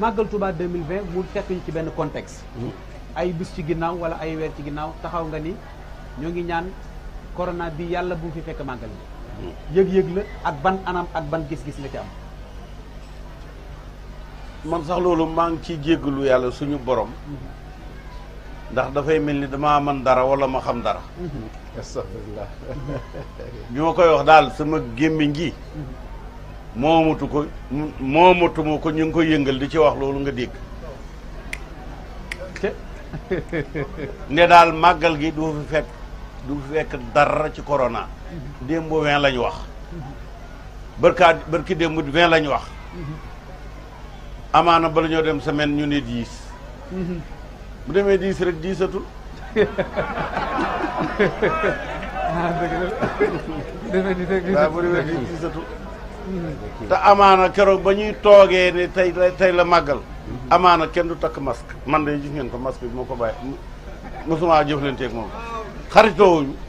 magal Touba 2020 mu fekk ci ben contexte. ay bis ci ginnaw wala ay wer ci ginnaw taxaw nga ni ñoo ngi ñaan corona bi yalla bu fi fekk magal yeug yeug la ak ban anam ak ban gis-gis la ci am. man sax lolu ma ngi ci jéglu yalla suñu borom. ndax da fay melni dama man dara wala ma xam dara. astaghfirullah. ñu ma wax dal sama gemmi gi moomutu ko moomatu mu ko ñu ngi koy yëngal di ci wax loolu nga dégg ne gi du fi fekk du fi fekk dara ci corona démb vingt lañu wax bërkaa bërki démb vingt lañu wax amaana bala ñoo dem semaine ñu ne dix bu rek ah la te amaana keroog ba ñuy toogee ne tey la tey la màggal amaana kenn du takk masque man de ji ngeen ko masque bi moo ko bàyyi mosuma jëflanteeg moom xaritoowuñu